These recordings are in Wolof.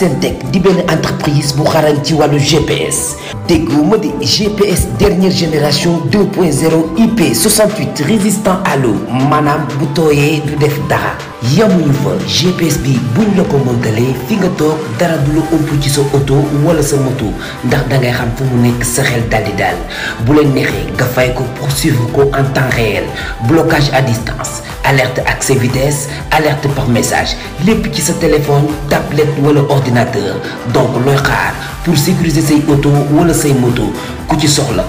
Sentec di entreprise bu garantir ci GPS dégguma di GPS dernière génération 2.0 IP 68 résistant à l'eau Manam bu du def dara yamuñu GPSB, GPS bi buñ la ko montalee fi nga auto dara du ci sa wala sa moto ndax dangay xam fu mu sa xel ko poursuivre ko en temps réel blocage à distance alerte accès vitesse alerte par message les petits sa téléphone tablette ou ordinateur donc le rare. pour sécuriser ses auto ou say moto ku ci soxla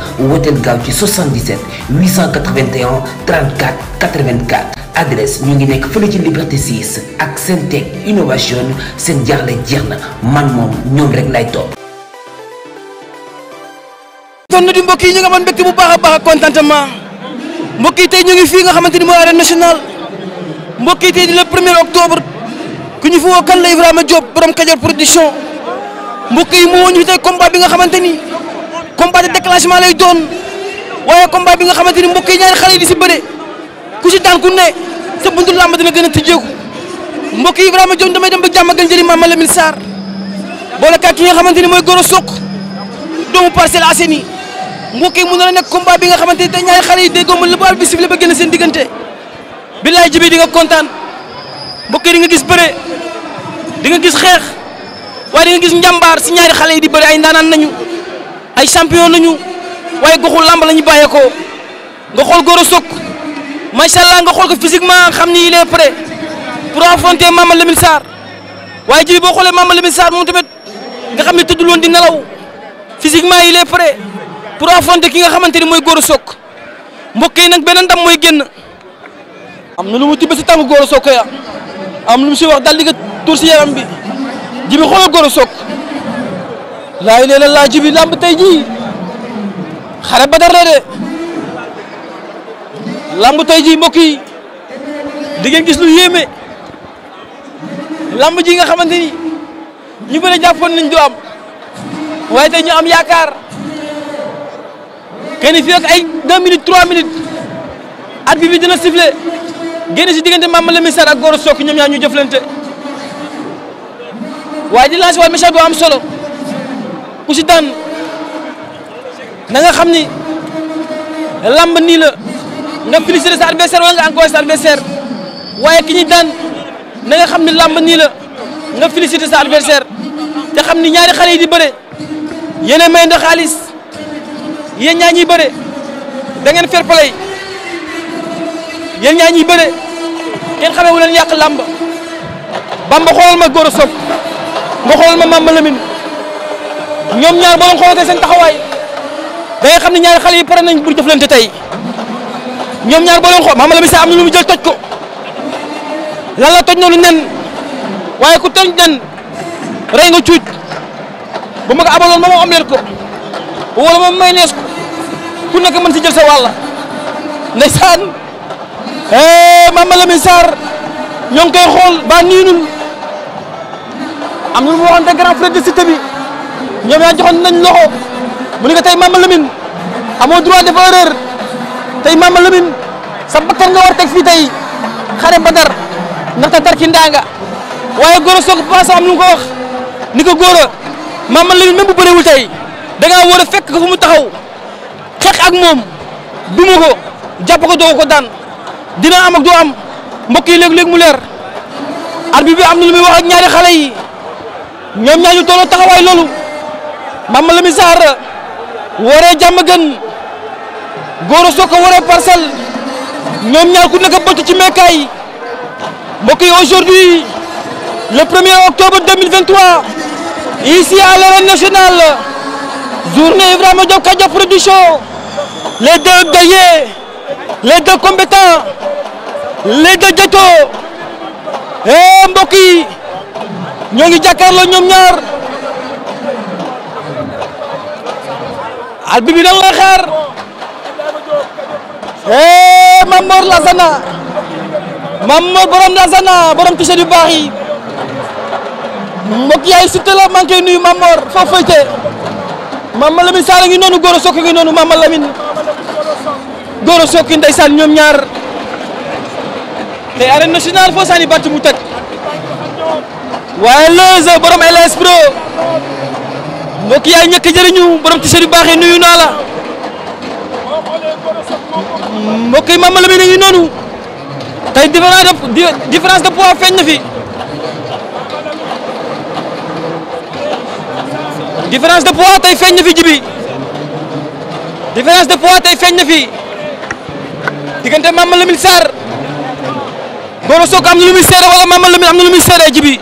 77 881 34 84 adresse nous ngi nekk Liberté 6 ak innovation seen le jeex na man moom rek mbokk yi tey ñu ngi fi nga xamante ni mooy arène nationale mbokk yi tey di premier octobre ku ñu fi woo kan la Ibrahima Diop borom Kajoor production mbokk yi mu woo ñu tey combat bi nga xamante ni combat de déclenchement lay doon waaye combat bi nga xamante ni mbokk yi ñaari xale yi di si bëre ku si daan ku ne sa buntu làmb dina gën a tijjeeku mbokk yi Ibrahima Diop damay dem ba jàmm gën jëriñ Mama Lamine Sarr boole kàk ki nga xamante ni mooy Goro Sok doomu mbokk mu na nek combat bi nga xamanteni tay ñaari xale yi déggoo mën la bu arbitre sifflé ba génn seen diggante billahi jibi di nga contane mbokk di nga gis bëre di nga gis xex waaye di nga gis njambar si ñaari xale yi di bëri ay ndaanaan nañu ay champion nañu way goxu lamb lañu ñu ko nga xol goro sok ma sha allah nga xol ko physiquement xamni il est prêt pour affronter mamad Lamine sar way jibi bo xoolee mamad Lamine sar moom tamit nga xamni tuddul won di nalaw physiquement il est prêt pour affronter ki nga xamante ni mooy Gora Sock mbokk yi nag beneen ndam mooy génn. am na lu mu tibb si tànk Gora Sock am lu mu si wax dal di nga tur si yaram bi jibi xoolal Gora Sock laay lee la laa tey ji xare ba dara de tey ji mbokk yi di gis lu yéeme làmb ji nga xamante ni ñu bëri jàppoon nañ du am waaye tey am yaakaar. xëy na fii ak ay 2 minutes 3 minutes at bi bi dina sifflé génn si diggante Mama Lamine Sarr ak Gora Sock ñoom ñaar ñu jëflante waaye di lancer waat message bu am solo ku si daan na xam ni lamb nii la nga féliciter sa adversaire wala waaye ki ñuy daan na xam ni lamb nii la nga féliciter sa adversaire te xam ni ñaari xale yi di bëre yéen a may ndax xaalis. yéen ñaa ñuy bëre da ngeen fair play yéen ñaa bëre ngeen xamee wu leen yàq làmb Bamba xoolal ma Gora Sock nga xoolal ma Mama Lamine ñoom ñaar boo leen xoolatee seen taxawaay da xam ne ñaari xale yi pare nañ pour jëflante tey ñoom ñaar boo leen xool Mama Lamine sax am na ñu mu jël toj ko lan la toj noonu nen waaye ku toj nen rey nga cuuj bu ma abaloon ba ma am leen ko wala ma may nees ko ku nekk man ci jël sa wàll ndaysan eh mama Sarr ñoo ñong koy xol ba niinul am ñu lu mu waxante grand frère de cité bi ñom ya joxon nañ loxo mu ni tay mama Mame Lamine amoo droit de erreur tay mama Lamine sa bakkar nga war tek fi tay xare Badar ndaxte tarki ndaanga waaye Gora Sock passé am ñu ko wax niko goro mama Lamine même bu bëriwul tay da nga wara fekk ko fu mu taxaw xeex ak moom duma ko jàpp ko doo ko daan dina am ak doo am mbokk yi léeg mu leer arbitre am na lu muy wax ñaari xale yi ñoom ñaañu tolloo taxawaay loolu Mama Lamine Sarr waree jàmm gën Gora Sock waree parcelle ñoom ñaar ku nekk bëtt ci mekkaay mbokk aujourd'hui le 1er octobre 2023 ici à l'arène nationale journée Ibrahima Diop Kaja les deux Gaillés, les deux combattants, les deux Djeto, Et Mboki, Nyongi sommes Jakarlo, nous sommes Albi eh Mamor Lazana Mamor borom Lazana borom touché du Bari, Mboki a yaay Siteu la maa ngi koy Mamor foo fayte Mama Lamine Sarr ngi noonu góor a Mama Lamine Gora Sokine ndeysaan ñoom ñaar te arène nationale foo sànni mu tëj waaye Leuze borom LS Pro mbokk yaay ñëkk jëriñu borom t-shirt baax yi nuyu naa la mbokk yi Mama a tey différence de différence feeñ na fi différence de poids jibi différence de poids tey feeñ na fi. diggante Mama Lamine Sarr Gora sok am na lu muy wala Mama lamil am na lu muy seere jibi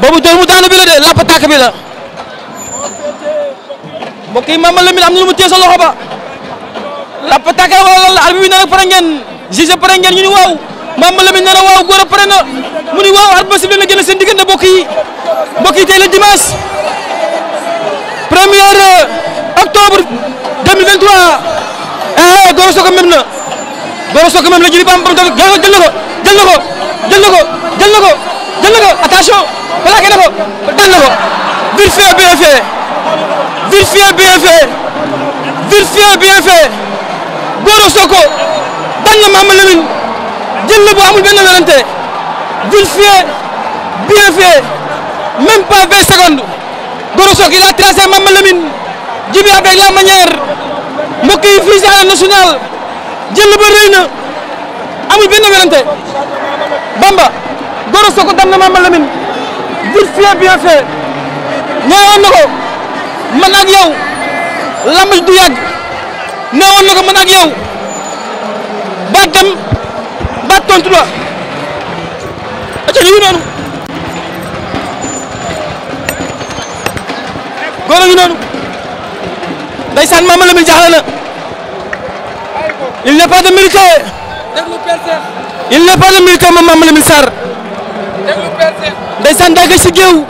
boobu dóor mu daanu bi la de lapp tak bi la mbokk yi Mama Lamine am na lu mu téye sa loxo ba lapp tak wala la al bi nee na pare ngeen je paré ngeen ñu ni waw Mama lamil na waw goor paré na mu ni waw arba bi la boki seen digënté bokki bokki té le dimanche premier octobre 2023 eh Gora Sock a Gora Sock moom la jëli bam bam tamit jël na ko jël ko jël ko jël ko jël ko attention plaqué ko daan ko vite fait bien fait vite fait bien fait vite fait bien fait Gora Sock daan na Mama Lamine bu amul benn werante vite fait bien fait même pas 20 secondes Gora Sock il a tracé Mama jibi avec la manière mbokk yi fii si arène jël ba rëy na amul benn Bamba Gora Soko dam na Mama Lamine vite fait bien fait neewoon na ko du yàgg neewoon na ko man ak yow ba dem ba tontu la aca ñu il n'est pas de mérite. il n'est pas de mérite moom Mame Lamine Sarr. ndeysaan daa gëj si géew.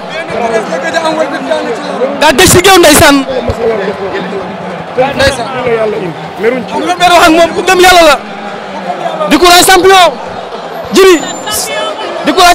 daa gëj si géew ndeysaan. ndeysaan. am na benn wax ak moom ku gëm yàlla la. di courage champion. jiri di courage.